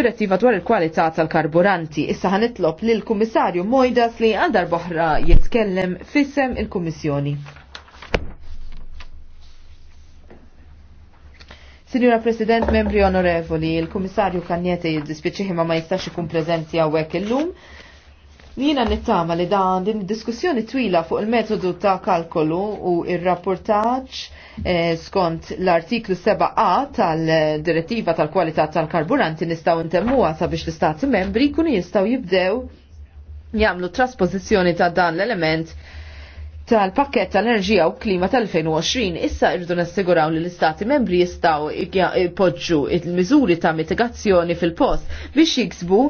direttiva dwar il-kwalità tal-karburanti. Issa ħanitlob lil kummissarju Mojdas li għal darboħra jitkellem fissem il-Kummissjoni. Signora President, membri onorevoli, il-Kummissarju Kanjete jiddispieċiħi ma ma jistax ikun prezenti għawek illum. Nina nittama li dan din diskussjoni twila fuq il-metodu ta' kalkolu u il-rapportaċ eh, skont l-artiklu 7a tal-direttiva tal-kwalità tal-karburanti nistaw intemmuha sabiex l-istati membri kunu jistaw jibdew jamlu trasposizjoni ta' dan l-element tal-pakket tal-enerġija u klima tal-2020 issa irridu nassiguraw li l-istati membri jistaw ipoġġu il-miżuri ta' mitigazzjoni fil-post biex jiksbu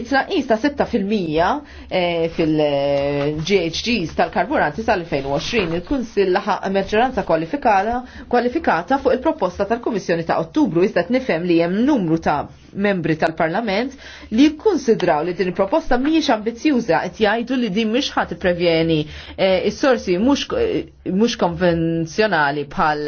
it-tnaqqis ta' 6% eh, fil-GHGs tal-karburanti tal-2020. Il-Kunsill laħaq maġġoranza kwalifikata fuq il-proposta tal-Kummissjoni ta' Ottubru iżda nifhem li hemm numru ta' membri tal-Parlament li jikkonsidraw li din il-proposta mhijiex ambizjuża, qed jgħidu li din eh, mhux ħadd prevjeni is-sorsi mhux konvenzjonali bħal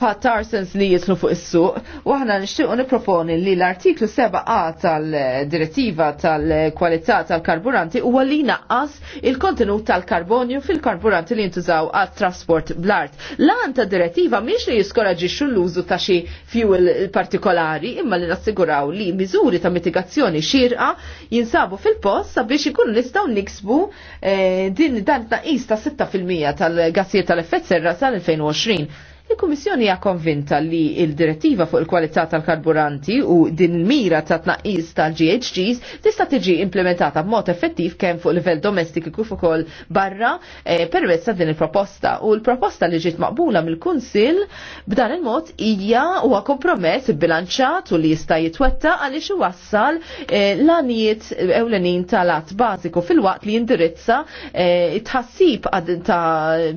pa' tarsens li jitnu fuq is-suq, u aħna nixtiequ nipproponi li l-artiklu 7a tal-direttiva tal-kwalità tal-karburanti huwa li naqqas il-kontenut tal-karbonju fil-karburanti li jintużaw għat trasport bl-art. Lan ta' direttiva miex li jiskoraġixxu l-użu ta' xi fuel partikolari imma li nassiguraw li miżuri ta' mitigazzjoni xirqa jinsabu fil-post sabiex ikunu nistgħu niksbu eh, din dan tnaqis ta' 6% tal-gassijiet tal-effett serra sal-2020 Il-Kummissjoni hija konvinta li il-direttiva fuq il-kwalità tal-karburanti u din il-mira ta' tnaqqis tal-GHGs tista' tiġi implementata b'mod effettiv kemm fuq livell domestiku kif ukoll barra eh, permezz ta' din il-proposta. U l-proposta li ġiet maqbula mill-Kunsill b'dan il-mod hija huwa kompromess bilanċat u li jista' jitwetta għaliex iwassal eh, l-għanijiet ewlenin tal-att bażiku fil-waqt li jindirizza eh, tħassib ta'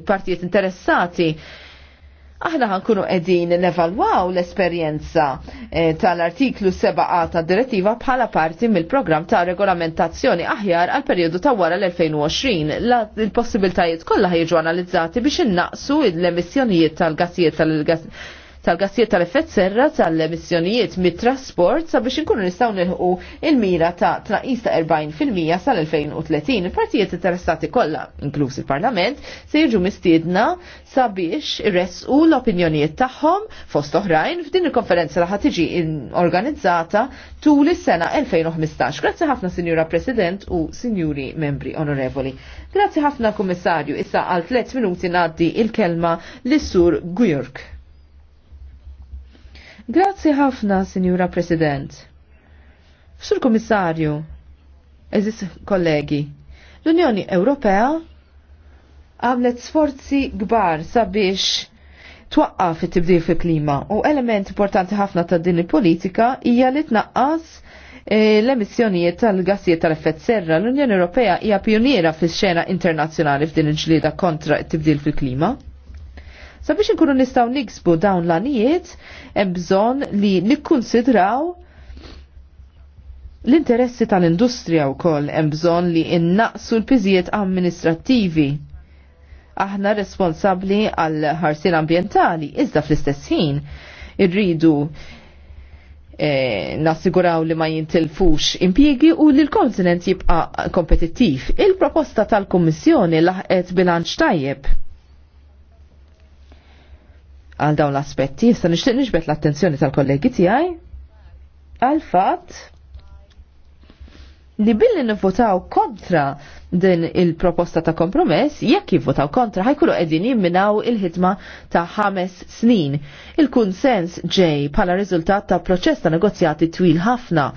partijiet interessati aħna ħankunu edin nevalwaw l-esperienza eh, tal-artiklu 7a ta' direttiva bħala parti mill-programm ta' regolamentazzjoni aħjar għal periodu ta' wara l-2020. Il-possibiltajiet kollha ħieġu analizzati biex innaqsu l-emissjonijiet tal-gassijiet tal-gassijiet tal-gassijiet tal-effett serra tal-emissjonijiet mit-trasport sabiex inkunu nistgħu nilħu il-mira ta' traqis ta' 40% sal-2030. Il-partijiet interessati kollha, inklus il-Parlament, se jiġu mistiedna sabiex irresqu l-opinjonijiet tagħhom fost oħrajn f'din il-konferenza li ħatiġi tiġi organizzata tul is-sena 2015. Grazzi ħafna, Sinjura President u Sinjuri Membri Onorevoli. Grazzi ħafna, Kummissarju. Issa għal 3 minuti ngħaddi il-kelma lis sur Gujork. Grazzi ħafna, Sinjura President. Sur Komissarju, eżis kollegi, l-Unjoni Ewropea għamlet sforzi gbar sabiex twaqqaf it-tibdil fil-klima u element importanti ħafna ta' din il-politika hija li tnaqqas eh, l-emissjonijiet tal-gassijiet tal-effett serra, l-Unjoni Ewropea hija pioniera fix-xena internazzjonali f'din il-ġlieda kontra t-tibdil fil-klima. Sabiex inkunu nistgħu niksbu dawn l-anijiet, hemm bżonn li nikkunsidraw l-interessi tal-industrija wkoll hemm bżonn li innaqsu l-piżijiet amministrattivi aħna responsabli għal ħarsin ambientali, iżda fl-istess ħin irridu e, nassiguraw li ma jintilfux impjiegi u li l-kontinent jibqa kompetittiv. Il-proposta tal-Kommissjoni laħqet bilanċ tajjeb għal dawn l-aspetti, jista nixtieq nixbet l-attenzjoni tal-kollegi tiegħi għal fatt li billi nivvotaw kontra din il-proposta ta' kompromess, jekk jivvotaw kontra ħajkulu qegħdin jimminaw il-ħidma ta' ħames snin. Il-kunsens ġej bħala riżultat ta' proċess ta' negozjati twil ħafna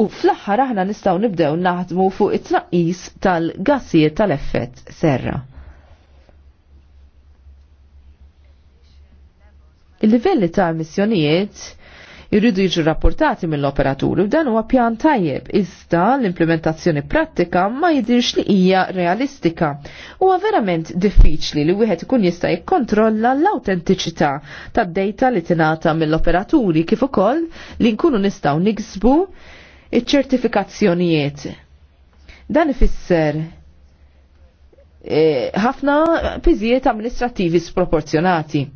u fl-aħħar aħna nistgħu nibdew naħdmu fuq it-tnaqqis tal-gassijiet tal-effett serra. Il-livelli ta' emissjonijiet jridu jiġu rapportati mill-operaturi u dan huwa pjan tajjeb iżda l-implementazzjoni prattika ma jidirx li hija realistika. Huwa verament diffiċli li wieħed ikun jista' jikkontrolla l-awtentiċità tad-dejta li tingħata mill-operaturi kif ukoll li nkunu nistgħu niksbu iċ-ċertifikazzjonijiet. Dan ifisser eh, ħafna piżijiet amministrativi sproporzjonati.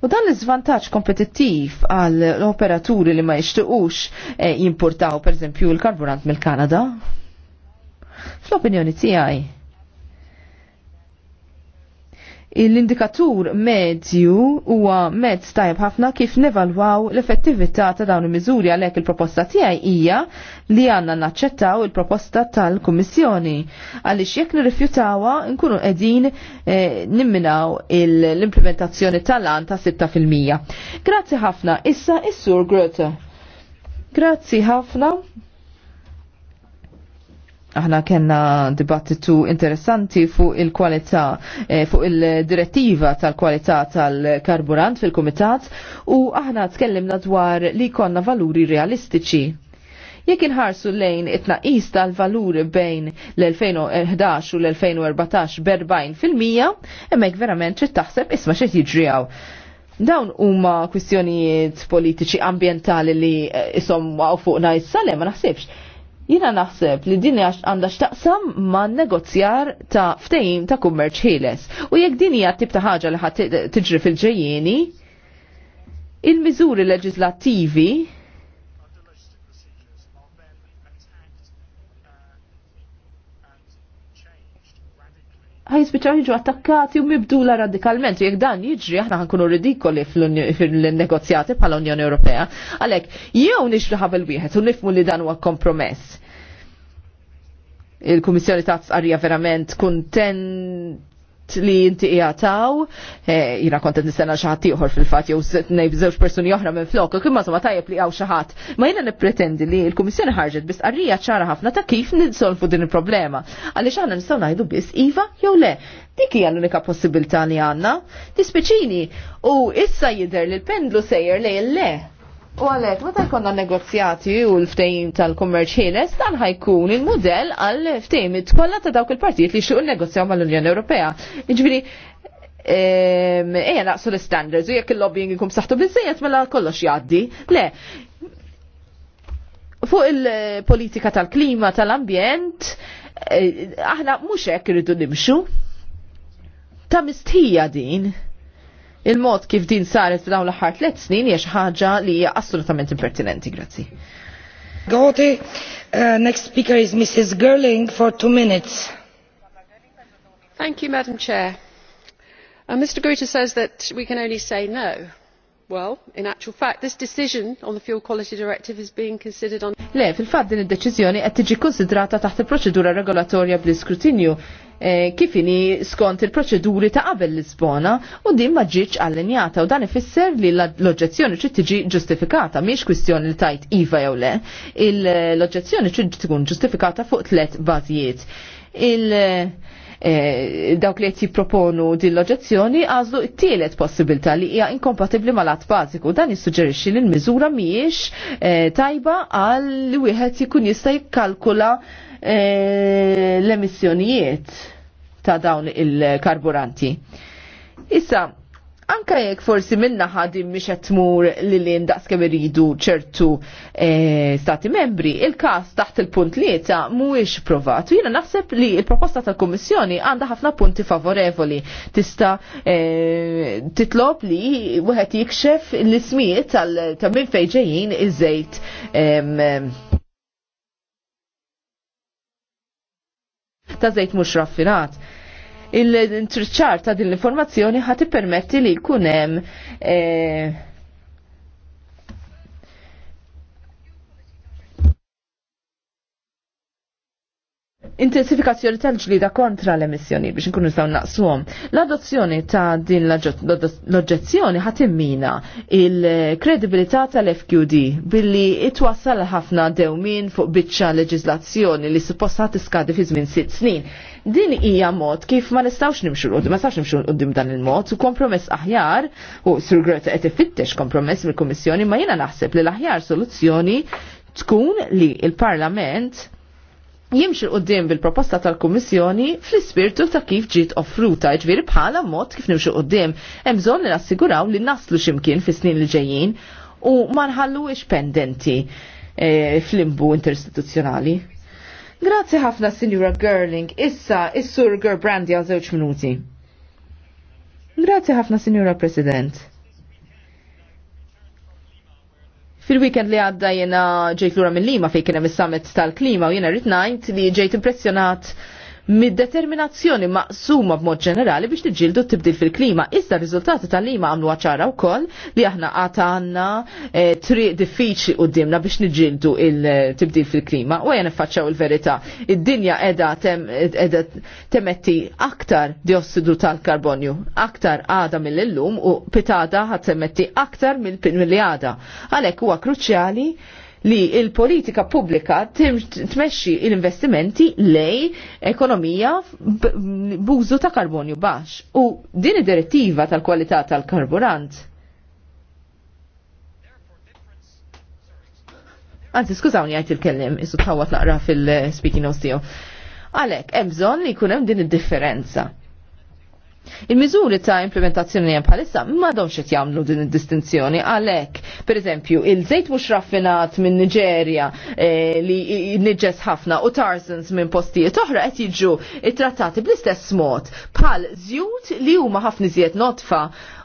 U dan l-izvantaġġ kompetittiv għal operaturi li ma jishtuqux eh, jimportaw per l-karburant mill-Kanada? Fl-opinjoni tiegħi l-indikatur medju huwa mezz tajb ħafna kif nevalwaw l-effettività ta' dawn il-miżuri għalhekk il-proposta tiegħi hija li għandna naċċettaw il-proposta tal-Kummissjoni għaliex jekk nirrifjutawha nkunu qegħdin eh, nimminaw l-implementazzjoni tal-għan ta' 6%. Grazzi ħafna, issa is-Sur Grote. Grazzi ħafna aħna kena dibattitu interessanti fuq il-kwalità, eh, fuq il-direttiva tal-kwalità tal-karburant fil-komitat u aħna tkellimna dwar li konna valuri realistiċi. Jekk inħarsu lejn it-naqis tal-valuri bejn l-2011 u l-2014 berbajn fil-mija, emmek verament trid taħseb isma xed tiġrijaw. Dawn huma kwistjonijiet politiċi ambientali li eh, isom fuqna issa le ma naħsibx Jina naħseb li din għandha x'taqsam ma' negozjar ta' ftehim ta' kummerċ ħieles. U jekk din hija tip ta' ħaġa li ħat tiġri fil-ġejjieni, il-miżuri leġislattivi ħajspiċaw jiġu attakkati u mibdula radikalment. Jek dan jiġri, aħna ħankunu ridikoli fil-negozjati bħala Unjoni Ewropea. Għalek, jew nixri ħabel wieħed u nifmu li dan huwa kompromess. Il-Kummissjoni ta' tsqarrija verament kuntent ħadd li inti jgħataw, eh, jina kontent nistana xaħat tiħor fil-fat jew nejb bżewġ personi oħra minn flok, kien ma tajjeb li għaw xaħat. Ma jina nipretendi li l-kummissjoni ħarġet biss qarrija ċara ħafna ta' kif nidsolfu din il-problema. Għalli xaħna nistaw najdu biss Iva jew le. Dik hija l-unika possibilità li għandna. Dispiċini u issa jidher li l-pendlu sejjer lejn le. U għalek, meta jkonna negozjati u l-ftejim tal-kummerċ ħieles, dan ħajkun il-modell għal-ftejim kollha ta' dawk il-partijiet li xuqu negozjaw mal-Unjoni Ewropea. Iġviri, eja ehm, naqsu l-standards u jekk il-lobbying jkun saħtu bizzejet mela kollox jgħaddi. Le, fuq il-politika tal-klima, tal-ambjent, eh, aħna mhux hekk irridu nimxu. Ta' mistħija din il-mod kif din saret f'dawn l-aħħar tliet snin hija xi ħaġa li hija assolutament impertinenti, grazzi. Goti, uh, next speaker is Mrs. Gerling for two minutes. Thank you, Madam Chair. Uh, Mr. Gruter says that we can only say no Well, in actual fact, this decision on the Fuel Quality Directive is being considered on... Le, fil-fat din id-deċizjoni qed tiġi konsidrata taħt il-proċedura regolatorja bl-iskrutinju e, kif kifini skont il-proċeduri ta' qabel Lisbona u din ma ġietx allenjata u dan ifisser li l-oġġezzjoni trid tiġi ġustifikata miex kwistjoni li tajt iva jew le. il oġġezzjoni trid tkun ġustifikata fuq tliet bażijiet. Il- Eh, dawk li qed jipproponu din l għazlu għażlu t-tielet possibilità li hija inkompatibbli mal-att bażiku. Dan jissuġġerixxi li l-miżura mhijiex eh, tajba għal li wieħed jkun jista' jikkalkula eh, l-emissjonijiet ta' dawn il-karburanti. Issa, anka jekk forsi minna ħadim miex qed tmur li ndaqs daqskemm iridu ċertu e, stati membri, il-każ taħt il-punt lieta mhuwiex provat. Jiena naħseb li l-proposta tal-Kummissjoni għandha ħafna punti favorevoli. Tista' e, titlob li wieħed jikxef l-ismijiet tal minn fejn ġejjin iż-żejt ta' żejt mhux raffinat il-ċirċar ta' din l-informazzjoni ħati permetti li jkun hemm eh, intensifikazzjoni tal-ġlida kontra l-emissjoni biex nkunu nistgħu naqsuhom. L-adozzjoni ta' din l-oġġezzjoni immina il-kredibilità tal-FQD billi itwassal ħafna dewmin fuq biċċa leġislazzjoni li supposta tiskadi fi żmien sitt snin din hija mod kif ma nistgħux nimxu l ma nistgħux nimxu l dan il-mod, u kompromess aħjar, u Sir Greta qed ifittex kompromess mill-Kummissjoni, ma jiena naħseb li l-aħjar soluzzjoni tkun li il-Parlament jimxi l-qoddim bil-proposta tal-Kummissjoni fl-ispirtu ta' kif ġiet offruta, ġviri bħala mod kif nimxu qoddim. Hemm bżonn li nassiguraw li naslu ximkien fis-snin li ġejjin u ma ix pendenti e, fl-imbu interistituzjonali. Grazzi ħafna Sinjura Gerling, issa is-Sur Gerbrandi għal żewġ minuti. Grazzi ħafna Signora President. Fil-weekend li għadda jena ġejt lura mill Lima fejn kien hemm is-summit tal-klima u jena rrid ngħid li ġejt impressjonat mid-determinazzjoni maqsuma b'mod ġenerali biex tiġġieldu tibdil fil-klima. Iżda r-riżultati tal-lima għamlu u wkoll li aħna għatanna għandna eh, triq diffiċli qudiemna biex niġġieldu il-tibdil fil-klima. U għajna faċċaw il-verità. Id-dinja edha tem, temetti aktar diossidu tal-karbonju, aktar għada mill-lum u pitada għat temetti aktar mill-għada. Għalhekk huwa kruċjali li il-politika pubblika tmexxi l-investimenti lej ekonomija b'użu ta' karbonju baxx. U din id-direttiva tal-kwalità tal-karburant. Anzi, skużawni għajt il-kellim, issu tħawat naqra fil-speaking of steel. Għalek, bżonn li kunem din id-differenza. Il-miżuri ta' implementazzjoni hemm bħalissa ma' qed jagħmlu din id-distinzjoni għalhekk. Pereżempju, il-żejt mhux raffinat minn Niġerja eh, li nġes ħafna u tarzans minn postijiet oħra qed jiġu trattati bl-istess mod bħal zjut li huma ħafna iżjed notfa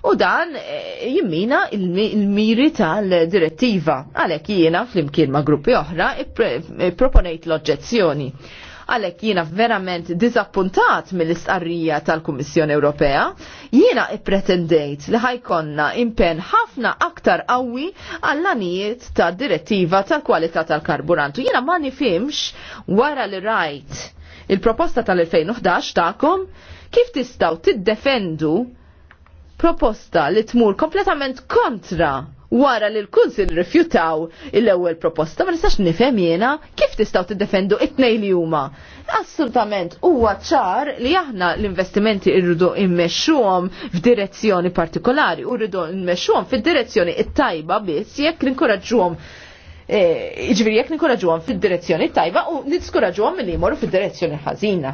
u dan eh, jimmina il-miri tal-direttiva. Għalhekk jiena flimkien ma' gruppi oħra proponejt l-oġġezzjoni għalhekk jiena verament diżappuntat mill-istqarrija tal-Kummissjoni Ewropea. Jiena ippretendejt li ħajkonna impenn ħafna aktar qawwi għall-anijiet tad-direttiva tal-kwalità tal-karburantu. Jiena ma nifimx wara li rajt il-proposta tal-2011 ta'kom kif tistaw tiddefendu proposta li tmur kompletament kontra wara li l-Kunsil rifjutaw l-ewwel proposta, ma nistax nifhem jiena kif tistgħu tiddefendu it tnejn li huma. Assolutament huwa ċar li aħna l-investimenti rridu immexxuhom f'direzzjoni partikolari u rridu immexxuhom fid-direzzjoni it-tajba biss jekk ninkoraġġuhom Eh, Iġviri jek nikoraġu fil-direzzjoni tajba u nitskoraġu għom mill jmorru fil-direzzjoni ħazina.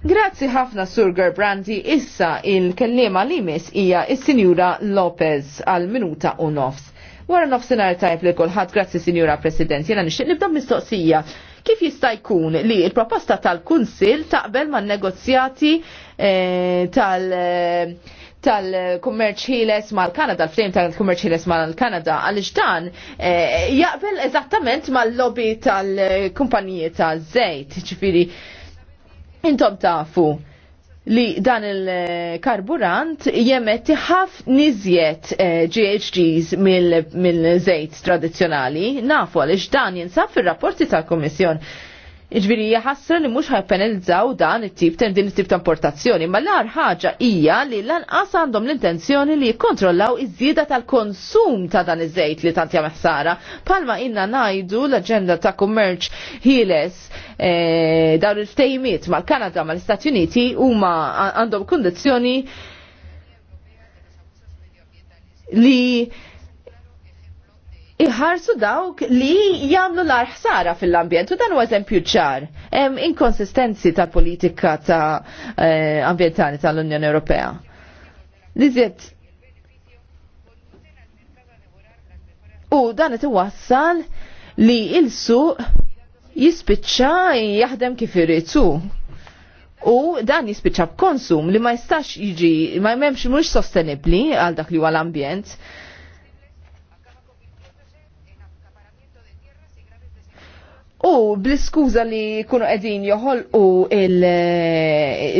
Grazzi ħafna Sur Gerbrandi, issa il-kellima li mis hija il-Sinjura Lopez għal-minuta u nofs. Wara nofsinar tajb li kolħat, grazzi Sinjura President, jena nixtieq nibda mistoqsija. Kif jista' jkun li il-proposta tal-Kunsil taqbel man negozjati eh, tal- eh, tal-kummerċ ħiles mal-Kanada, l-frame tal-kummerċ ħiles mal-Kanada, għaliex dan eh, jaqbel eżattament mal-lobby tal-kumpaniji tal-żejt, ċifiri, intom tafu li dan il-karburant jemet ħaf nizjet eh, GHGs mill-żejt tradizjonali, nafu għaliex dan jinsab fil-rapporti tal-Komissjon Iġviri jħassra li mux ħajpenalizzaw dan it-tip ten din it-tip ta' importazzjoni, ma l-ar ħaġa hija li lanqas għandhom l-intenzjoni li jikkontrollaw iż-żieda tal-konsum ta' dan iż-żejt li tantja meħsara. Palma inna najdu l-aġenda ta' kummerċ ħieles e, dawn il-ftejmiet mal-Kanada mal-Istati Uniti huma għandhom kundizzjoni li iħarsu dawk li jamlu l ħsara fil-ambjent u dan u eżempju ċar. Hemm inkonsistenzi tal-politika ta' eh, ambientali tal-Unjoni Ewropea. Liżiet, u dan qed iwassal li il-suq jispiċċa jaħdem kif tu. U dan jispiċċa b'konsum li ma jistax jiġi, ma jmemx mhux sostenibbli għal dak li huwa l-ambjent. U bl iskuża li kunu edin joħolqu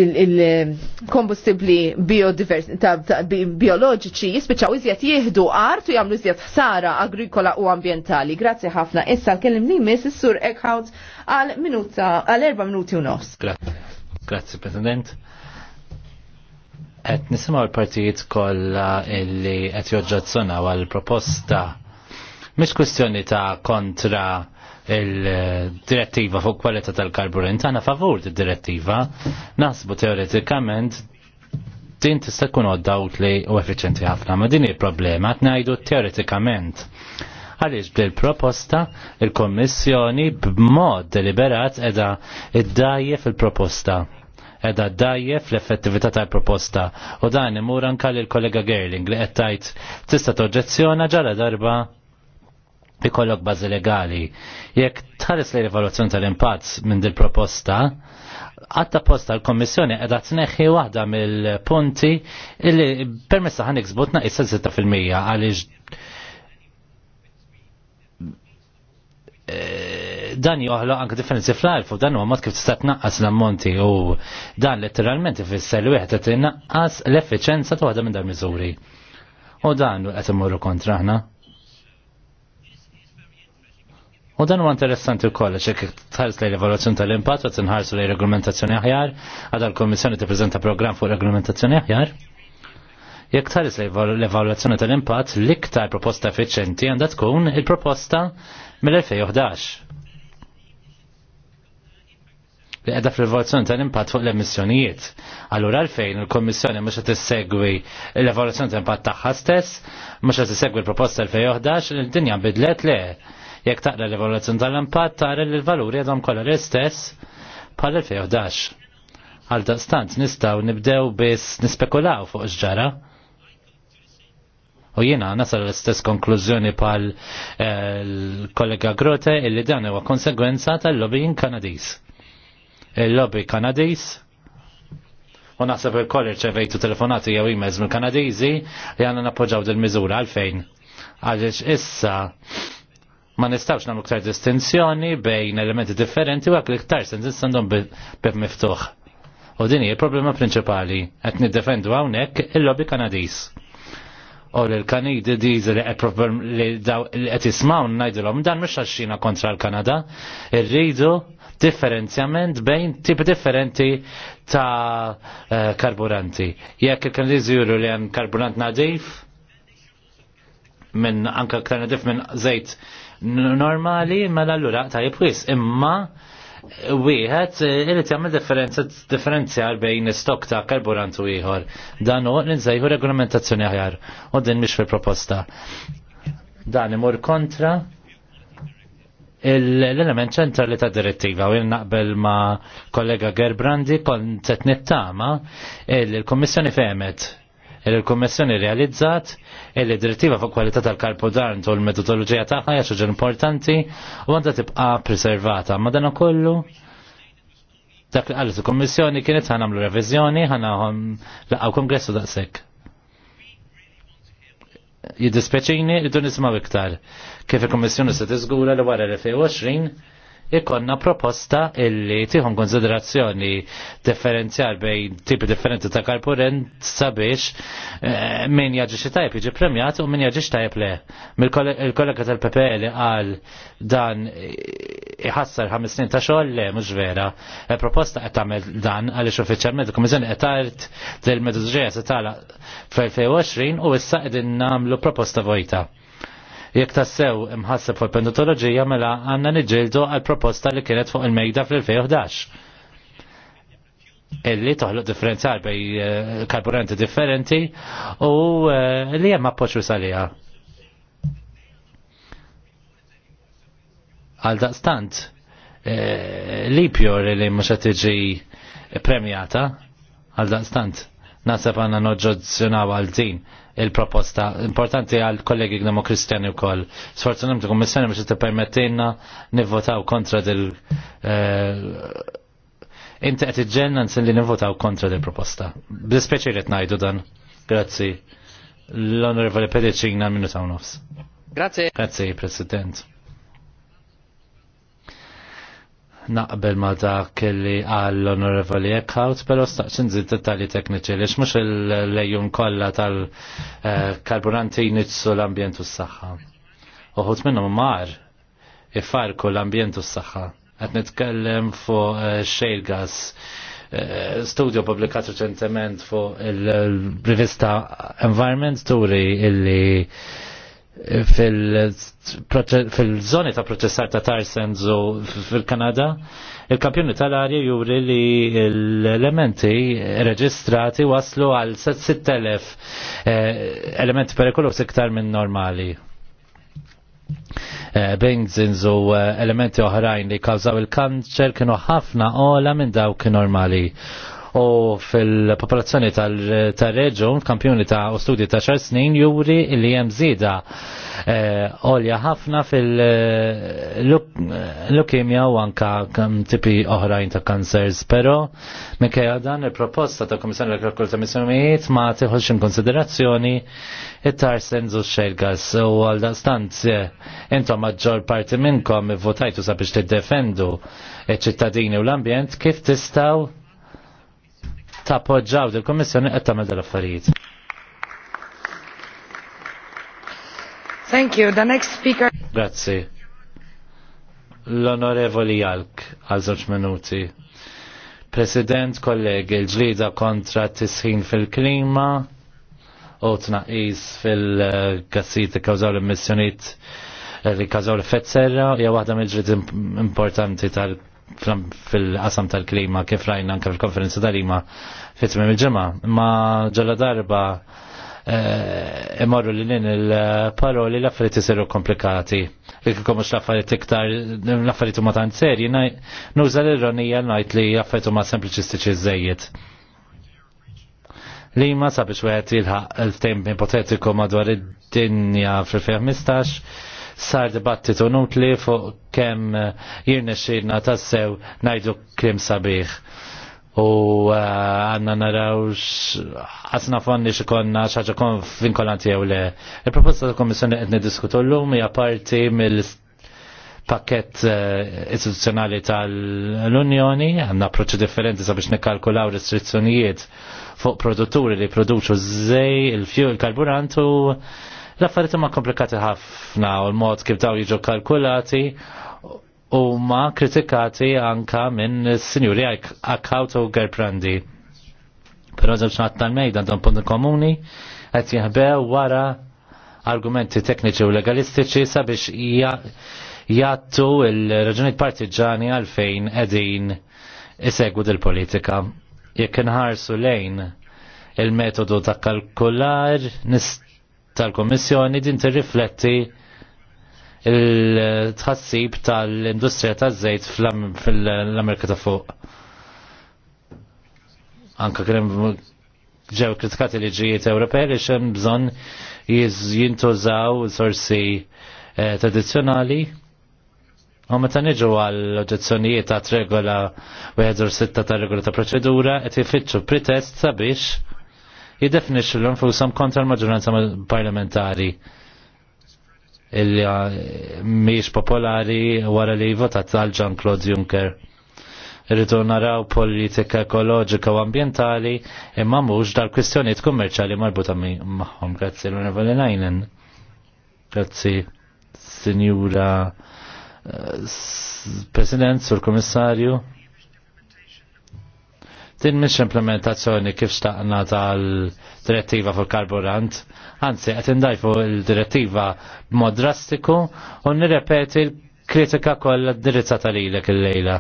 il-kombustibli biologiċi bioloġiċi jispiċaw iżjed jihdu art u jamlu iżjed ħsara agrikola u ambientali. Grazzi ħafna. Issa l-kellim li mis sur Eckhout għal minuta, għal erba minuti u nofs. Grazzi, President. Et nisimaw il partijiet kolla illi et joġġazzona għal proposta. Mish kwestjoni ta' kontra il-direttiva fuq kwalità tal-karburant. Għana favur id-direttiva, nasbu teoretikament din tista' tkun għodda li u effiċenti ħafna, ma din il-problema qed ngħidu teoretikament. Għaliex bil-proposta il-Kommissjoni b'mod deliberat edha id-dajje fil-proposta edha dajjef l-effettività tal-proposta. U dan imur anka l kollega Gerling li qed tajt tista' toġġezzjona ġala darba ikollok bażi legali. Jekk tħares li rivoluzzjoni tal-impazz minn dil proposta, għatta posta l-Kommissjoni edha tneħħi waħda mill-punti illi permessa ħan iksbutna fil-mija għaliex e, dan joħloq anke differenzi fl-alf u dan huwa mod kif tista' tnaqqas l-ammonti u dan letteralment ifisser li wieħed qed innaqqas l-effiċenza ta' waħda minn dal miżuri. U dan qed immorru kontra aħna. U dan huwa interessanti wkoll jekk tħares lejn l evoluzzjoni tal-impatt u tinħarsu lejn regolamentazzjoni aħjar, għadha l-Kummissjoni tippreżenta programm fuq regolamentazzjoni aħjar. Jekk tħares l evoluzzjoni tal-impatt, l-iktar proposta effiċenti għandha tkun il-proposta mill-2011. Li qiegħda fl evoluzzjoni tal-impatt fuq l-emissjonijiet. Allura għalfejn il-Kommissjoni mhux qed tissegwi l evoluzzjoni tal-impatt tagħha stess, mhux qed tissegwi l-proposta 2011, il-dinja bidlet le Jekk taqra l-evaluazzjoni tal-impatt tara li l-valuri għadhom kollha l-istess bħal 2011. Għal daqstant nistgħu nibdew biss nispekulaw fuq x'ġara. U jiena nasal l-istess konklużjoni bħal eh, l-kollega Grote illi dan huwa konsegwenza tal-lobbying Kanadiż. Il-lobby Kanadiż u naħseb il-kolli ċevejtu telefonati jew imez mill-Kanadiżi li għandna nappoġġaw dil-miżura għalfejn. Għaliex issa ma nistawx nagħmlu ktar distinzjoni bejn elementi differenti u għak li ktar sentin sandom bib miftuħ. U din hija problema prinċipali qed niddefendu hawnhekk il-lobby Kanadis. U l-Kanidi diżel li qed jismaw ngħidulhom dan mhux għaxina kontra l-Kanada, irridu differenzjament bejn tip differenti ta' eh, karburanti. Jekk il li juru li hemm karburant nadif, minn anka kanadif minn zejt normali mela l-lura ta' wis imma wieħed eh, irid jagħmel differenza differenzjar bejn stok ta' karburant u ieħor. Dan hu ninżejħu regolamentazzjoni aħjar u din mhix fil-proposta. Dan imur kontra l-element ċentrali ta' direttiva u naqbel ma' kollega Gerbrandi kont qed nittama il-Kummissjoni fehmet Il-Kommissjoni realizzat il direttiva fuq kwalità tal-karbodarn u l-metodoloġija tagħha hija xi importanti u għandha tibqa' preservata. Ma dan kollu dak li qalet il-Kommissjoni kienet nagħmlu reviżjoni, ħanahom laqgħu kongressu daqshekk. Jiddispeċini, id-dun nisimgħu iktar kif il-Kommissjoni se tiżgura li wara 2020 ikonna proposta illi tiħon konsiderazzjoni differenzjal bejn tipi differenti ta' Karpurent sabiex eh, min jaġi tajb jiġi premjat u min jaġix tajb le. Il-kollega tal-PPL e għal dan iħassar ħames snin ta' xogħol le mhux vera. Il-proposta e qed tagħmel dan għaliex uffiċjalment il-Kummissjoni qed tard del-metodoloġija se tagħlaq fl-2020 u issa qegħdin nagħmlu proposta vojta jek tassew imħasseb fuq il pendutoloġija mela għanna nġildu għal proposta li kienet fuq il-mejda fl-2011. Illi toħloq differenzjal bej eh, karburanti differenti u eh, li hemm appoġġu salija. Għal daqstant, eh, li pjor li mhux qed tiġi premjata, għal daqstant, nasab għanna noġġozzjonaw għal din il-proposta. Importanti għal kollegi Gnamo kristjani u koll. Sfortunatamente kummissjoni biex t-permettina nivvotaw kontra del eh, Inti għet iġġenna nsin li nivvotaw kontra del proposta. Bispeċi rrit najdu dan. Grazzi. L-onorevole Pedicina minnu ta' nofs. Grazie. Grazie, President. naqbel ma dak li għall onorevoli Eckhout, pero staqsin zid dettali tekniċi li x'mhux il-lejjun kollha tal-karburanti jniġsu l-ambjent u s-saħħa. Uħut minnhom mar ifarku l-ambjent u s-saħħa. Qed nitkellem fuq xejl eh, gas eh, studio publikat reċentement fuq il-rivista Environment Turi illi fil-żoni ta' proċessar ta' Tarsens u fil-Kanada, il-kampjoni tal-arja juri li l-elementi reġistrati waslu għal 6000 eh, elementi perikolu iktar minn normali. Eh, Benzins u eh, elementi oħrajn li kawżaw il-kanċer kienu ħafna ola minn dawk normali u fil-popolazzjoni tal-reġun, kampjoni ta' u studi ta' xar snin, juri li jem zida eh, olja ħafna fil-lukimja u anka tipi oħrajn ta' kansers, pero minkejja dan il-proposta ta' Komissjoni l ta' Missjonijiet ma tiħolx in konsiderazzjoni it tar senzu xejl u għal-dastant intom maġġor parti minnkom votajtu sabiex tiddefendu iċ-ċittadini u l-ambjent kif tistaw tappoġġaw dil-Kommissjoni qed tagħmel mezzal affarijiet Thank you. The next speaker. Grazzi. L-Onorevoli Jalk, għal żewġ minuti. President, kollegi, l-ġlida kontra tisħin fil-klima u tnaqis fil-gassijiet li kawżaw l-emissjoniet li kawżaw l-effett serra hija waħda mill-ġrid importanti tal- fil-qasam tal-klima kif rajna anka fil-konferenza tal ima fit-tmim il-ġemma. Ma ġalla darba eh, imorru li l-in il-paroli l-affariet jisiru komplikati. Li kikom mux l-affariet iktar, l-affariet u matan serji, nuża l-ironija najt li l-affariet u ma sempliċistiċi zzejiet. Li ma sabiex għet jilħaq il-temp ipotetiku madwar id-dinja fil-2015, sar dibattitu nutli fuq kemm eh, xirna tassew ngħidu krim sabiħ u eh, għanna narawx għasna fonni xikonna xaġa kon vinkolanti għaw le. Il-proposta ta' komissjoni għedni diskutu l-lum hija parti mill-pakket eh, istituzzjonali tal-Unjoni, għanna approċċi differenti sabiex nikkalkulaw restrizzjonijiet fuq produtturi li produċu żej, il-fju, il karburantu L-affarijiet huma komplikati ħafna u l-mod kif daw jiġu kalkulati huma kritikati anka minn sinjuri Account u għerprandi. Però żewġ naħat tal-mejda għandhom punti komuni qed jihbew wara argumenti tekniċi u legalistiċi sabiex jattu il-raġunijiet partiġani għalfejn edin isegwu dil-politika. Jekk inħarsu lejn il-metodu ta' kalkular, nist tal-Komissjoni din tirrifletti il-tħassib tal-industrija taż-żejt fl-Amerika ta' fuq. Anka kien ġew kritikati liġijiet Ewropej li xem bżonn jintużaw sorsi eh, tradizzjonali. U meta niġu għall oġezzjonijiet ta' regola 1.6 ta' regola ta' proċedura qed jifittxu pretest sabiex jiddefinixxu l-infushom kontra l-maġġoranza parlamentari illi ah, miex popolari wara li votat għal Jean-Claude Juncker. Irridu naraw politika ekoloġika u ambientali imma mhux dal-kwistjonijiet kummerċali marbuta magħhom. Grazzi l-Onorevoli Najnen. Grazzi, Sinjura eh, President, Sur Komissarju. Din mis implementazzjoni kif staqna tal-direttiva fuq karburant, anzi qed indajfu l-direttiva b'mod drastiku u nirrepeti l-kritika kollha tal lilek il-lejla.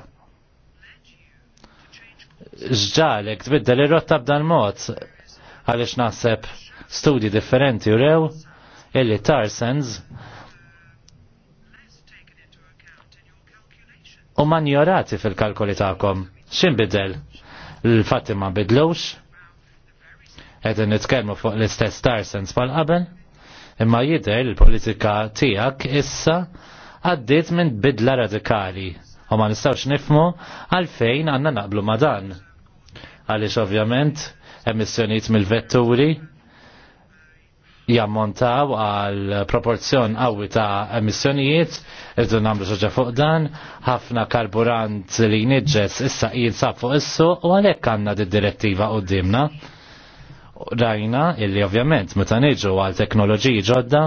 Ġġalek tbiddel ir-rotta b'dan mod għaliex naħseb studji differenti u rew illi tarsens u manjorati fil-kalkoli tagħkom. X'inbidel? l-fatti ma bidlux, edin nitkelmu fuq l-istess tarsens pal qabel, imma jider il-politika tijak issa għaddit minn bidla radikali u ma nistawx nifmu għalfejn għanna naqblu ma dan. Għalix ovvjament emissjoniet mill-vetturi jammontaw għal proporzjon qawwi ta' emissjonijiet, irdu namlu xaġa fuq dan, ħafna karburant li jniġġes issa jinsab fuq issu u għalhekk għandna di direttiva dimna. Rajna illi ovvjament meta niġu għal teknoloġiji ġodda,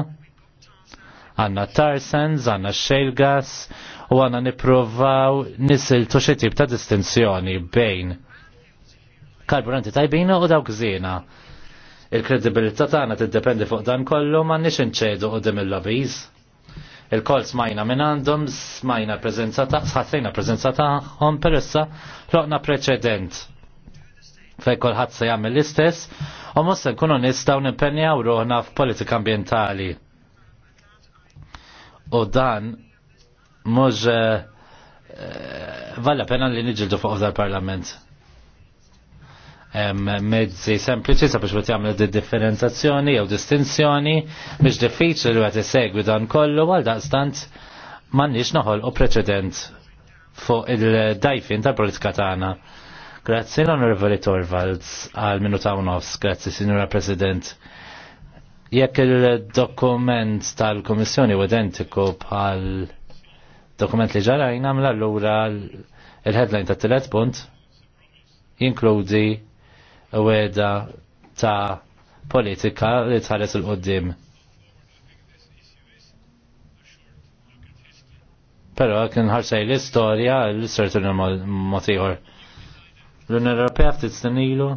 għanna tarsens, għanna shale gas u għanna niprovaw nisiltu xi tip ta' distinzjoni bejn karburanti tajbina u dawk żiena Il-kredibilità tagħna tiddependi fuq dan kollu m'għandniex inċedu qudiem il-lobbies. Il-kol smajna minn għandhom, smajna preżenza ta' sħatina preżenza tagħhom perissa loqna preċedent. Fej kulħadd se jagħmel l-istess u mhux se nkunu nistgħu nimpenjaw ruħna f'politika ambjentali. U dan mhux eh, eh, valla pena li niġildu fuq dal-Parlament mezzi sempliċi sabiex wet jagħmel di differenzazzjoni jew distinzjoni biex diffiċli li qed isegwi dan kollu għal daqstant m'għandniex noħolqu preċedent fuq il-dajfin tal-politika tagħna. Grazzi l-Onorevoli Torvalds għal minu ta' grazzi Signora President. Jekk il-dokument tal-Komissjoni u identiku bħal dokument li ġarajna mla l-ura il-headline ta' telet punt jinkludi weda ta' politika li tħares il-qoddim. Pero kien ħarsaj l-istoria, l-sert il-motiħor. L-Unjoni Ewropea ftit stenilu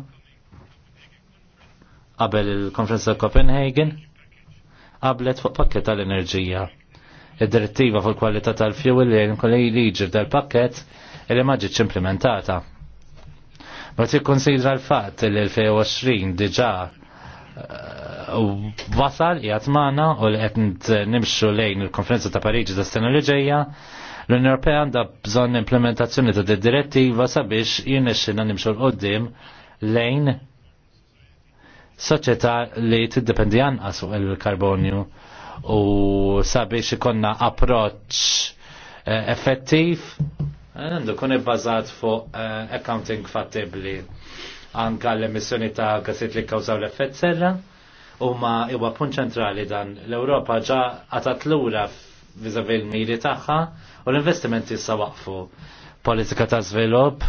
qabel il-konferenza ta' Copenhagen qablet fuq pakket tal-enerġija. Id-direttiva fuq kwalità tal-fuel li kolli liġi dal-pakket li ma ġietx implementata. Ma konsidra l-fatt l-2020 diġà wasal jgħat maħna u li qed uh, nimxu lejn il-konferenza ta' Pariġi ta' sena li ġejja l-Unjoni Europea għandha bżonn implementazzjoni ta' direttiva sabiex jinnexxina nimxu l-qoddim lejn soċieta li tiddependi anqas fuq il-karbonju u sabiex ikonna approċ eh, effettiv għandu kun ibbażat fuq eh, accounting fattibli anka l-emissjoni ta' għasit li kawżaw l-effett serra u ma iwa punt ċentrali dan l-Ewropa ġa għatat lura viżavi l-miri tagħha u l-investimenti issa waqfu politika ta' żvilupp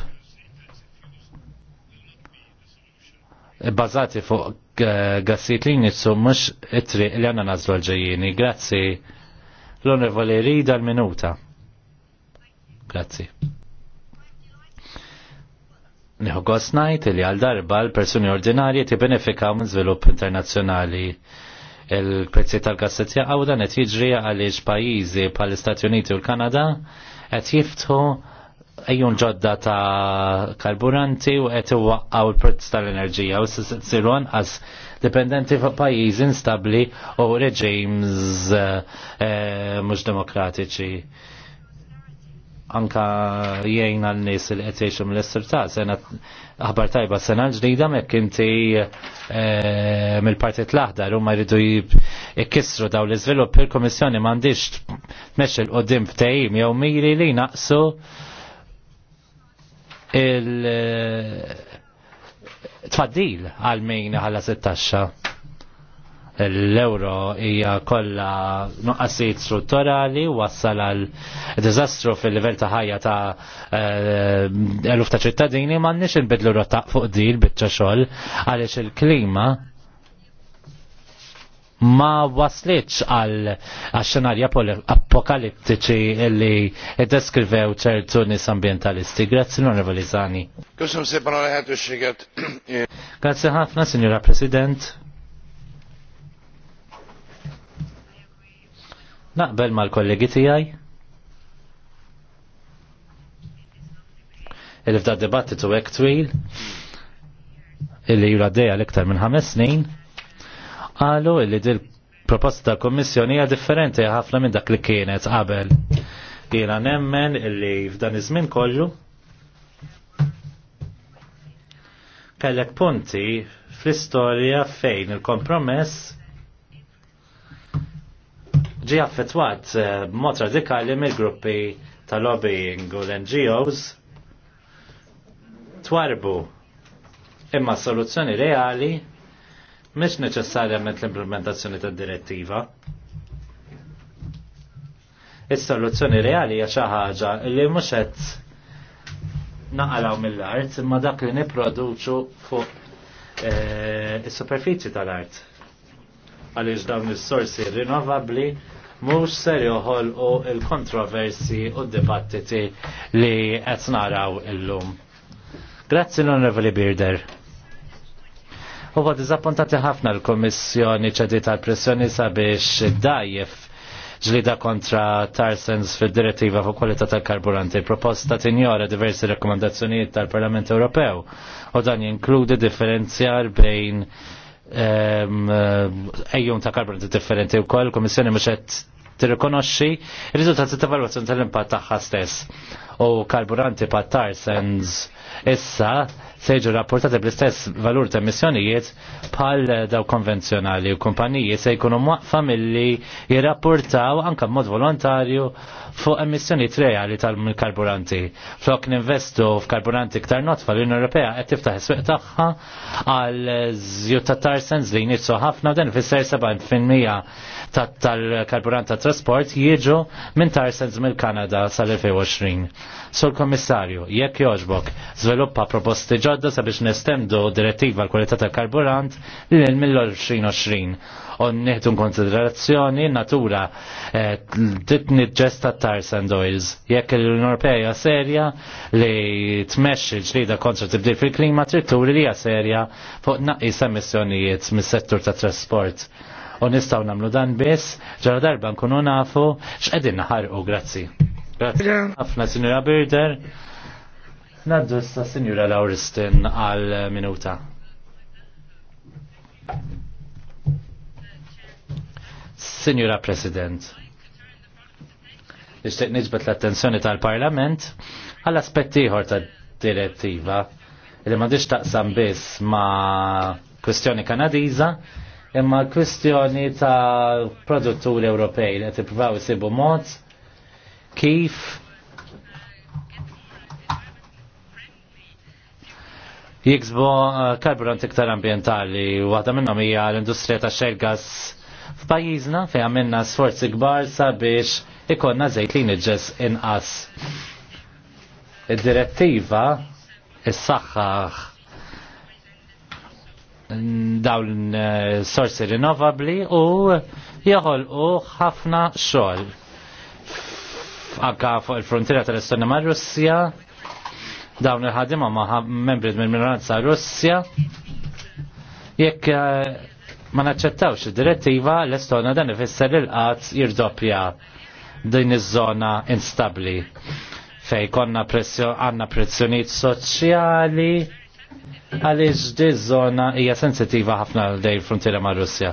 bazati fuq għasit li nitsu mux it-triq li għanna nazlu ġejjini. Grazzi l-onorevoli Rida l-minuta. Grazzi. Niħu gosnajt li għal darba l-persuni ordinarji ti benefika minn żvilupp internazzjonali il-prezzi tal-gassetja għawda dan qed jiġri għaliex pajjiżi bħal istati Uniti u l-Kanada qed jiftħu għajun ġodda ta' karburanti u qed iwaqqgħu l-prezz tal-enerġija u s-sirwan għas dipendenti fa' pajizi instabbli u reġims eh, mhux demokratiċi anka jgħin għal nies li qed jgħixu mill-istirtat. Sena għabar tajba sena ġdida mekk inti eh, mill-Partit l-Aħdar huma jridu jkissru daw l-iżvilupp il-Kummissjoni m'għandix tmexxi l qudiem ftehim jew miri li naqsu il eh, tfaddil għal min għal-azittaxa l-euro hija kollha nuqqasijiet strutturali wassal għal diżastru fil-livell ta' ħajja ta' eh, eluf ta' ċittadini m'għandniex inbidlu rotta fuq dil biċċa xogħol għaliex il-klima ma waslitx għal għax-xenarji apokalittiċi li deskrivew ċertu nis ambientalisti. Grazzi l-onorevoli Zani. Kusum sepana leħet u Grazzi ħafna, Signora President. Naqbel mal-kollegi tiegħi. il f'da dibattitu hekk twil illi jura d-deja l-iktar minn ħames snin qalu illi dil proposta ta' kommissjoni hija differenti ħafna minn dak li kienet qabel. Jiena nemmen illi f'dan iż-żmien kollu kellek punti fl-istorja fejn il-kompromess ġi affettwat eh, mod radikali mill-gruppi tal-lobbying u l-NGOs twarbu imma soluzzjoni reali mhix neċessarjament l-implementazzjoni tad-direttiva. Is-soluzzjoni reali hija xi ħaġa li mhux qed naqalaw mill-art imma dak li nipproduċu fuq eh, is superfici tal-art għaliex dawn is-sorsi rinnovabbli mhux ser joħolqu il-kontroversi u d-dibattiti li qed naraw illum. Grazzi l-Onorevoli Birder. Huwa iżappuntati ħafna l komissjoni ċedita l-pressjoni sabiex dajjef ġlida kontra Tarsens fil-direttiva fuq kwalità tal-karburanti. Proposta tinjora diversi rekomendazzjonijiet tal-Parlament Ewropew u dan jinkludi differenzjar bejn ejjum ta' karburanti differenti u koll, komissjoni mux tirrikonoxxi r-riżultati ta' valwazzjoni tal-impatt tagħha stess. U karburanti pa' tarsens issa se jiġu rapportati bl-istess valur ta' emissjonijiet bħal daw konvenzjonali u kumpaniji se jkunu waqfa milli jirrapportaw anke b'mod volontarju fuq emissjonijiet reali tal-karburanti. Flok ninvestu f'karburanti iktar notfa l-Unjoni Ewropea qed tiftaħ is tagħha għal żjud ta' tarsens li jnitsu ħafna u dan fisser 70% tal-karburant tat trasport jiġu minn Tarsens mill-Kanada sal-2020. Sur komissarju, jekk joġbok, żviluppa proposti ġodda sabiex nestemdu direttiva l-kwalità tal-karburant li mill-2020 u nieħdu konsiderazzjoni natura eh, titni ġesta Tarsen oils. Jekk l-Unjoni Ewropea serja li tmexxi ġlida kontra tibdil fil-klima trid turi li hija serja fuq naqis emissjonijiet mis-settur tat trasport u nistaw namlu dan biss ġara darba nkunu nafu x'qegħdin naħarqu grazzi. Grazzi Għafna, Sinjura Birder. Naddu sta Sinjura Lauristin għal minuta. Sinjura President. Ixtieq niġbet l-attenzjoni tal-Parlament għall aspetti ieħor tad-direttiva li ma taqsam biss ma' kwestjoni Kanadiża imma kwistjoni ta' produtturi Ewropej li ippruvaw isibu mod kif jiksbu eh, karburant iktar ambientali u għadha minnhom hija l-industrija ta' xejl gass f'pajjiżna fejn għamilna sforzi kbar sabiex ikonna żejt li niġġes inqas. Id-direttiva is saħħa dawn eh, sorsi rinnovabli u joħolqu ħafna xogħol. Anka fuq il frontira tal-Estonja ma' Russja, dawn il-ħadima ma' membri mill minoranza Russja, jekk eh, ma naċċettawx id-direttiva l-Estonja dan ifisser il-qatt jirdoppja din iż-żona instabli fej konna pressjoni pressjonijiet soċjali għaliex di żona hija sensitiva ħafna l dej frontiera ma' Russja.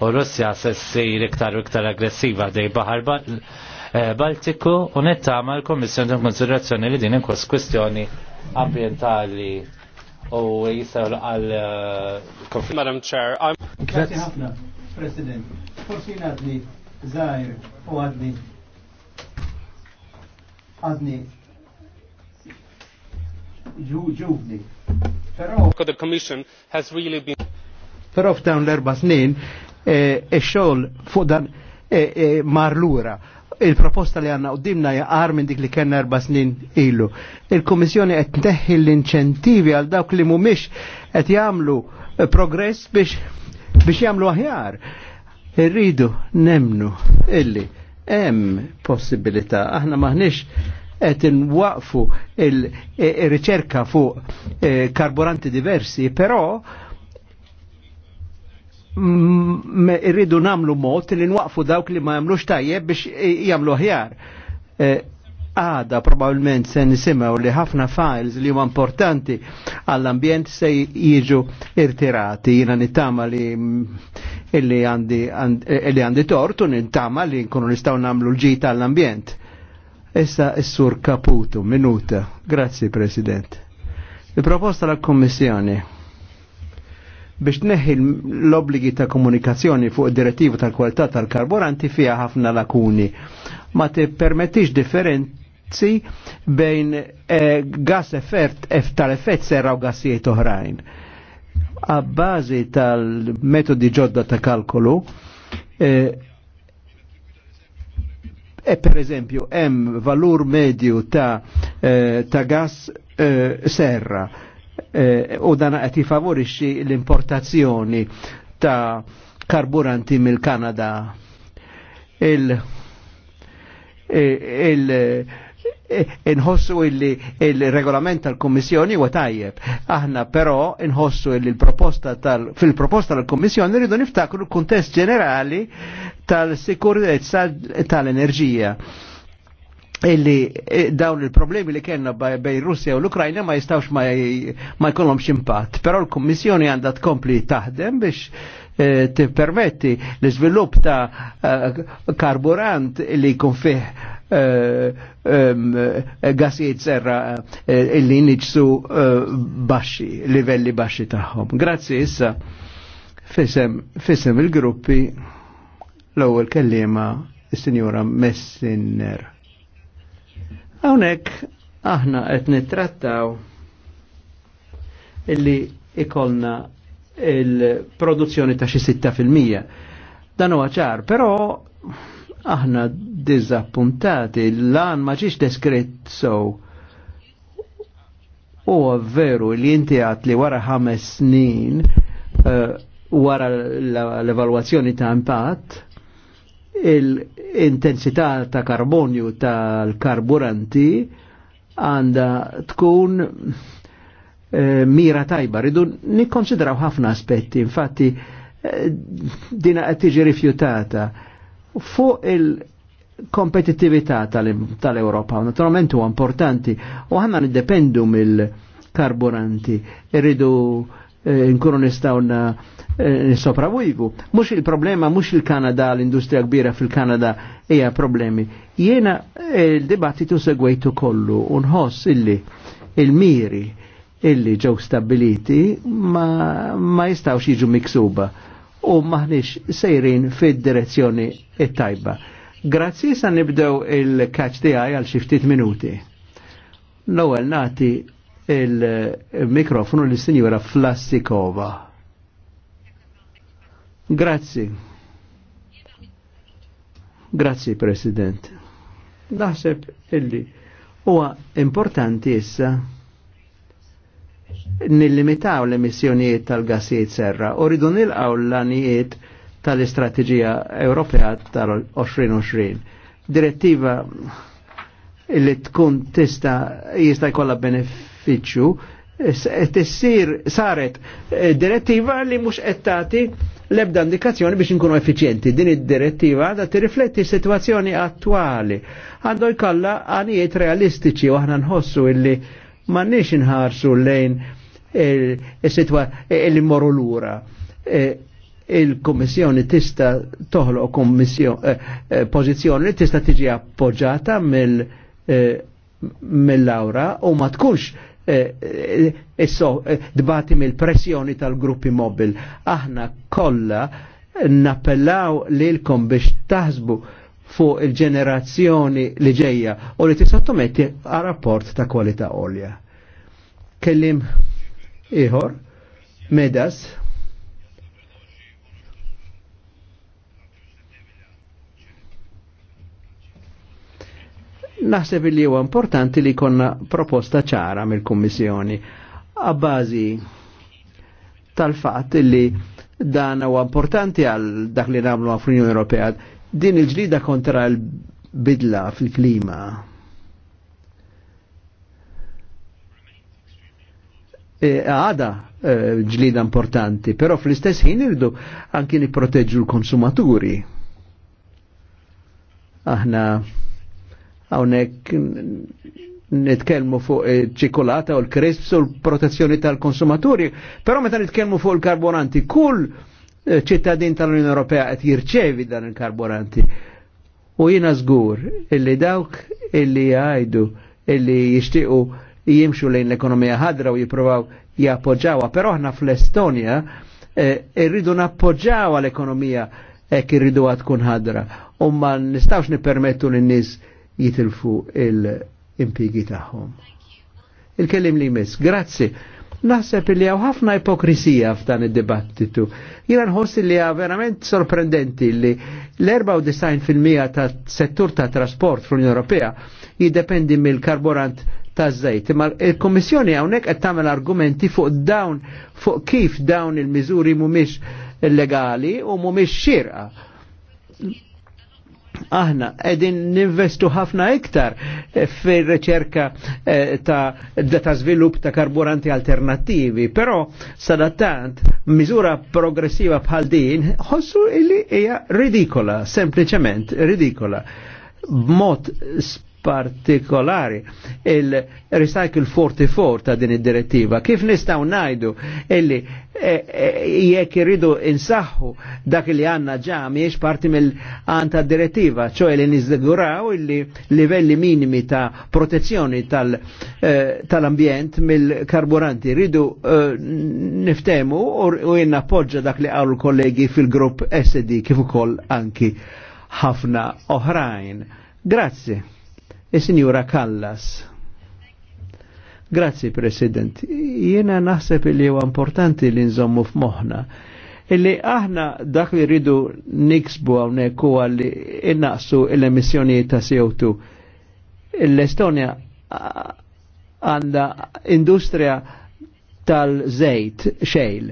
U Russja se ssir iktar u iktar aggressiva dej baħar eh, Baltiku u nittama l komissjoni ta' konsiderazzjoni li din inkwas kwestjoni ambientali u jisaw għal eh, Madam Chair, I'm... Grazie ħafna, President. Forsi għadni, zaħir, u għadni, għadni ġuvni. the Commission has really been Però f'dawn l-erba snin, eh, ix-xogħol fuq dan eh, eh, mar lura il-proposta li għanna għoddimna jaqar minn dik li kena erba snin ilu. Il-Komissjoni qed tneħħi l-inċentivi għal dawk li mhumiex qed jagħmlu progress biex biex jagħmlu aħjar. Irridu nemnu illi hemm possibilità aħna maħniex qed waqfu il-riċerka e, e, fuq e, karburanti diversi, però irridu namlu mod li nwaqfu dawk li ma jamlux tajjeb biex jamlu ħjar. Għada probabilment se nisimaw li ħafna files li huma importanti għall-ambjent se jiġu irtirati. Jina nittama li illi għandi tortu, nittama li nkunu nistaw namlu l-ġita għall-ambjent Issa s-sur Caputo, minuta. Grazzi, President. Il-proposta la Kommissjoni biex neħi l-obligi ta' komunikazzjoni fuq direttiva tal-kwalità tal-karburanti fija ħafna lakuni. Ma te permettix differenzi bejn eh, gas effert tal-effett serra u gassijiet oħrajn. A bazi tal-metodi ġodda ta' kalkolu, eh, E per esempio, hemm valur medju ta', eh, ta gas eh, serra eh, u dan qed jifavorixxi l-importazzjoni ta' karburanti mill-Kanada. Il, eh, il, e eh, nħossu illi il-regolament tal-Kommissjoni u tajjeb. Aħna però nħossu illi l-proposta tal fil-proposta tal-Kommissjoni rridu niftakru l-kuntest ġenerali tal-sikurezza tal-enerġija illi eh, dawn il-problemi li kena bejn Russja u l-Ukrajna ma jistawx ma jkollhomx impatt. Però l-Kummissjoni għandha tkompli taħdem biex eh, tippermetti l-iżvilupp ta' eh, karburant li jkun fih gasijiet serra illi niġsu baxxi, livelli baxxi tagħhom. Grazzi issa fisem il-gruppi l-ewwel kellima is-Sinjura Messiner. Hawnhekk aħna qed nittrattaw illi ikolna il-produzzjoni ta' xi sitta fil-mija. Dan huwa ċar, però aħna diżappuntati l-lan ma ġiex deskritt so. Huwa veru li inti għat li wara ħames snin uh, wara l-evalwazzjoni ta' impatt l intensità ta' karbonju tal-karburanti għanda tkun eh, mira tajba, ridu nikkonsidraw ħafna aspetti, infatti eh, dina qed tiġi rifjutata fuq il-kompetittività tal-Europa, naturalment huwa importanti, u ħanna niddependu mill-karburanti, irridu eh, nkunu nistgħu Eh, sopravvivu. Mux il-problema, mux il-Kanada, l industria kbira fil-Kanada hija problemi. Jena eh, il-dibattitu segwejtu kollu unħoss illi il-miri illi ġew stabiliti ma, ma jistawx jiġu miksuba u maħniex sejrin fid-direzzjoni it-tajba. Grazzi sa nibdew il-catch di għal xiftit minuti. L-ewwel nati il-mikrofonu l-Sinjura Flassikova. Grazzi. Grazzi, President. Naħseb illi huwa importanti issa nillimitaw l-emissjonijiet tal-gassijiet serra u ridu nilqaw l-anijiet tal-istrateġija Ewropea tal-2020. Direttiva illi tkun tista jista jkollha benefiċċju tessir saret eh, direttiva li mhux qed tagħti l-ebda indikazzjoni biex nkunu effiċjenti. Din id-direttiva għadha tirrifletti s-sitwazzjoni attwali. Għandu jkalla għanijiet realistiċi u aħna nħossu illi m'għandniex inħarsu lejn il illi morru lura. Eh, Il-Kommissjoni tista' toħloq kommissjoni eh, pożizzjoni li tista' tiġi appoġġata mill laura u ma tkunx isso eh, eh, eh, dbati mill-pressjoni tal-gruppi mobil. Aħna kollha nappellaw lilkom biex taħsbu fuq il-ġenerazzjoni li ġejja u li tisottometti għal rapport ta' kwalità olja. Kellim ieħor, medas, Naħseb li huwa importanti li konna proposta ċara mill-Kummissjoni għabbażi tal-fatt li dan huwa importanti għal dak li nagħmlu fl-Unjoni Ewropea din il-ġlida kontra l-bidla fil-klima. E, għada e, ġlida importanti, però fl-istess ħin irdu anki niproteġġu l-konsumaturi. Aħna għonek nitkellmu fuq ċikolata u l krisp u l-protezzjoni tal-konsumaturi, però meta nitkellmu fuq il-karburanti, kull eh, ċittadin tal-Unjoni Ewropea qed jirċevi dan il-karburanti. U jiena żgur illi dawk illi jgħidu illi jixtiequ jimxu lejn l-ekonomija ħadra u jippruvaw jappoġġawha, però aħna fl-Estonja eh, irridu nappoġġawha l-ekonomija hekk irridu tkun ħadra. U ma nistgħux nippermettu lin-nies jitilfu il-impigi tagħhom. Il-kellim li mis, grazzi. Naħseb li għaw ħafna ipokrisija f'dan id-dibattitu. Jina nħoss li għaw verament sorprendenti li l-94% ta' settur ta' trasport fl-Unjoni Ewropea jiddependi mill-karburant ta' zejt. Ma il-Kommissjoni hawnhekk qed tagħmel argumenti fuq dawn fuq kif dawn il-miżuri mhumiex legali u mhumiex xirqa aħna edin ninvestu ħafna iktar fir reċerka eh, ta' ta' svilupp ta' karburanti alternativi, però sadattant mizura progressiva bħal din ħossu illi hija ridikola, sempliċement ridikola b'mod partikolari il-Recycle 44 ta' din id-direttiva. Kif nistaw najdu illi e, e, jekk irridu insaħħu dak li għanna ġa miex parti mill-għan ta' direttiva, cioè li nizdeguraw illi livelli minimi ta' protezzjoni e, tal-ambjent mill-karburanti. Ridu niftemu u jenna poġġa dak li għallu kollegi fil-grupp SD kif ukoll anki ħafna oħrajn. Grazie. Is-Sinjura Kallas. Grazie President. Jiena naħseb li huwa importanti li nżommu f'moħħna illi aħna dak li rridu niksbu hawnhekk huwa li innaqsu l-emissjonijiet ta' CO2. L-Estonja għandha industrija tal-żejt xejl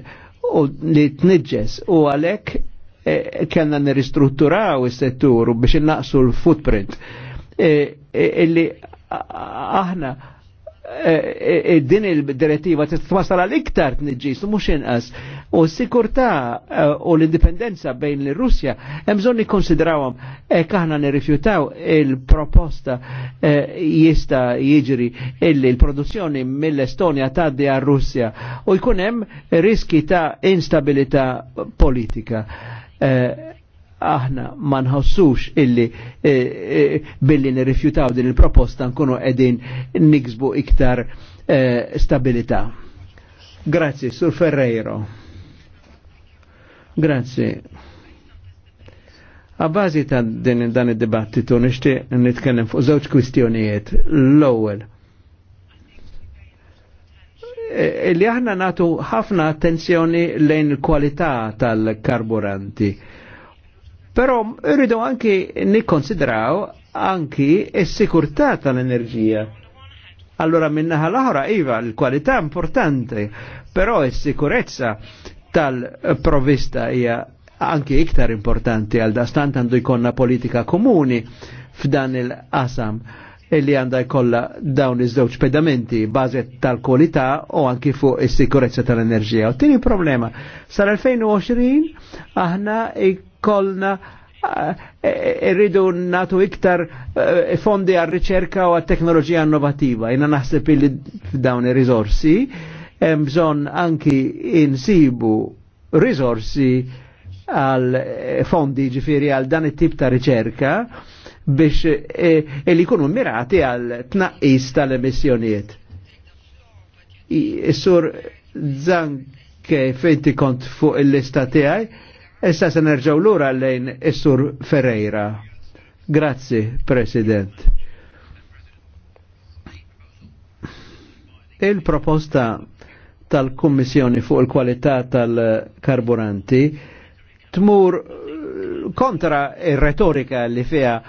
u li tniġġes u għalhekk eh, kellna nirristrutturaw is-settur biex innaqsu l-footprint. Eh, illi aħna e, e, e, din il-direttiva titwasal għal iktar tniġġis u mhux inqas. U s-sikurtà u l-indipendenza bejn l russja hemm bżonn nikkonsidrawhom hekk aħna nirrifjutaw il-proposta jista' jiġri illi l-produzzjoni mill-Estonja tgħaddi għar russja u jkun riski ta' instabilità politika. Eh, aħna ma nħossux illi e, e, billi nirrifjutaw din il-proposta nkunu qegħdin niksbu iktar e, stabilità. Grazzi, Sur Ferreiro. Grazie. A bazi ta' din dan id-dibattitu nixtieq nitkellem fuq żewġ kwistjonijiet. L-ewwel li aħna natu ħafna attenzjoni lejn il-kwalità tal-karburanti Però rridu anki nikkonsidraw anki s-sikurtà tal-enerġija. Allora minnaħa l-oħra iva l-kwalità importanti, però s-sikurezza tal-provista hija anki iktar importanti għal dastant għandu jkonna politika komuni f'dan il-qasam illi għanda jkolla dawn iż-żewġ pedamenti bażi tal-kwalità u anki fuq is-sikurezza tal-enerġija. U tieni problema, sal-2020 aħna ikollna eh, eh, irridu natu iktar eh, fondi għal riċerka u għal teknoloġija innovativa. Jina naħseb illi f'dawn ir rizorsi hemm bżonn anki insibu rizorsi għal fondi ġifiri għal dan it-tip ta' riċerka biex li jkunu mirati għal tnaqqis tal-emissjonijiet. Sur Zanke fejn kont fuq il-lista tiegħi, Issa se nerġaw lura lejn Issur Ferreira. Grazzi, President. Il-proposta tal-Kommissjoni fuq il-kwalità tal-karburanti tmur eh, kontra il-retorika li fija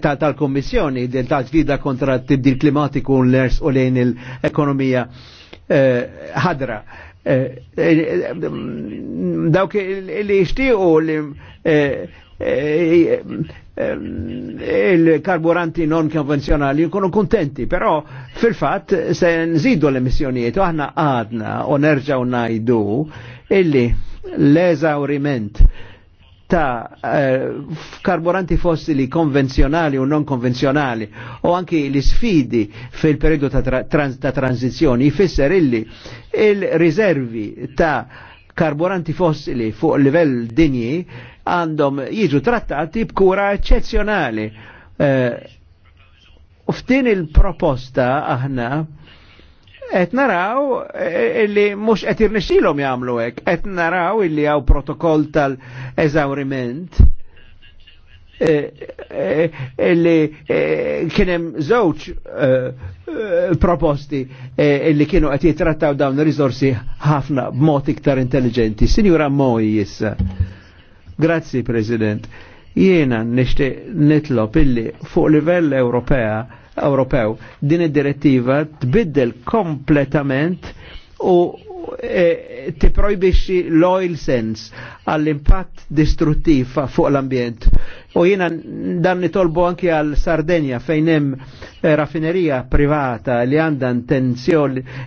tal-Kommissjoni ta, ta tal-ġdida kontra t-tibdil klimatiku l-ers u lejn l-ekonomija eh, ħadra. Eh, Eh, eh, eh, dawk li jishtiqu li il-karburanti non konvenzjonali jkunu kontenti, però fil-fat se nżidu l-emissjonijiet u aħna għadna u nerġaw najdu illi l-eżawriment ta' eh, karburanti fossili konvenzjonali u non konvenzjonali u anki li sfidi fil-periodu ta', tra ta tranzizjoni jfisser illi il-riservi ta' karburanti fossili fuq livell dinji għandhom jiġu trattati b'kura eccezzjonali. Eh, u il-proposta aħna et naraw eh, illi mux et irnexilom jamlu ek, et naraw illi għaw protokoll tal-eżawriment eh, eh, illi kienem zoċ proposti illi kienu għet jitrattaw dawn rizorsi ħafna b'mod iktar intelligenti. Sinjura Moj jissa. Grazzi, President. Jena nishti nitlop illi fuq livell Ewropea Ewropew. Din id-direttiva tbiddel kompletament u e, tiprojbixi l-oil sense għall-impatt distruttiv fuq l-ambjent. U jiena dan nitolbu anki għal Sardenja fejn hemm e, raffinerija privata li għandha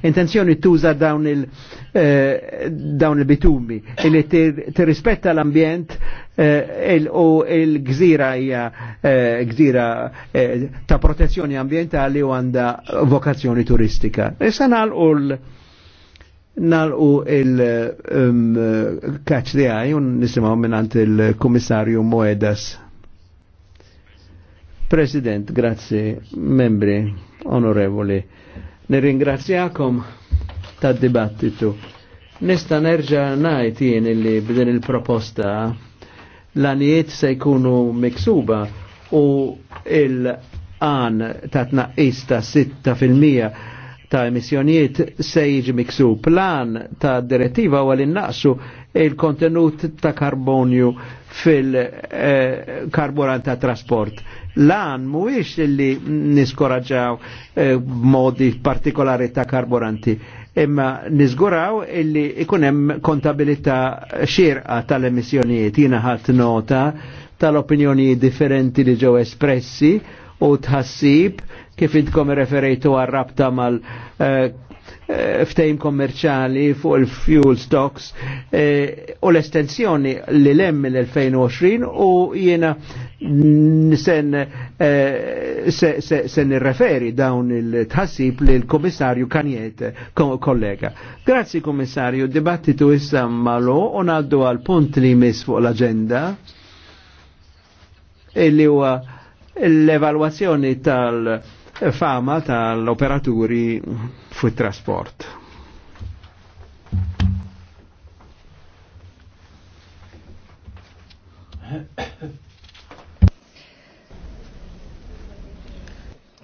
intenzjoni tuża dawn il- Eh, dawn il-bitumi illi t-rispetta l-ambjent eh, u il-gżira hija eh, gżira ta' protezzjoni ambientali u għanda vokazzjoni turistika. Issa nalqu nalqu il-kaċ di għaj un nisimaw minnant il-komissarju Moedas. President, grazie, membri, onorevoli. Nirringrazzjakom tad dibattitu Nista nerġa najt jien illi b'din il-proposta l-anijiet se jkunu miksuba u il-għan ta' tnaqqis ta' 6% ta' emissjonijiet se jiġi miksu. Plan ta' direttiva u li naqsu il-kontenut ta' karbonju fil-karburant eh, ta' trasport. Lan mhuwiex li niskoraġaw eh, modi partikolari ta' karburanti, imma nizguraw illi ikun hemm kontabilità xirqa tal-emissjonijiet. jiena ħadd nota tal-opinjoni differenti li ġew espressi u tħassib kif intkom referejtu għal-rabta mal eh, eh, ftejm kommerċali fuq il-fuel stocks eh, u l-estensjoni li lem mill-2020 u jiena sen sen irreferi dawn il-tħassib li l-komissarju kanjet kollega. Grazzi komissarju, dibattitu issa malu u naddu għal punt li mis fuq l-agenda illi huwa l-evalwazzjoni tal- E fama tal-operaturi fu trasport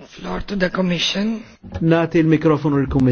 Floor to the Commission. Nati il-mikrofonu l-Kommissjoni.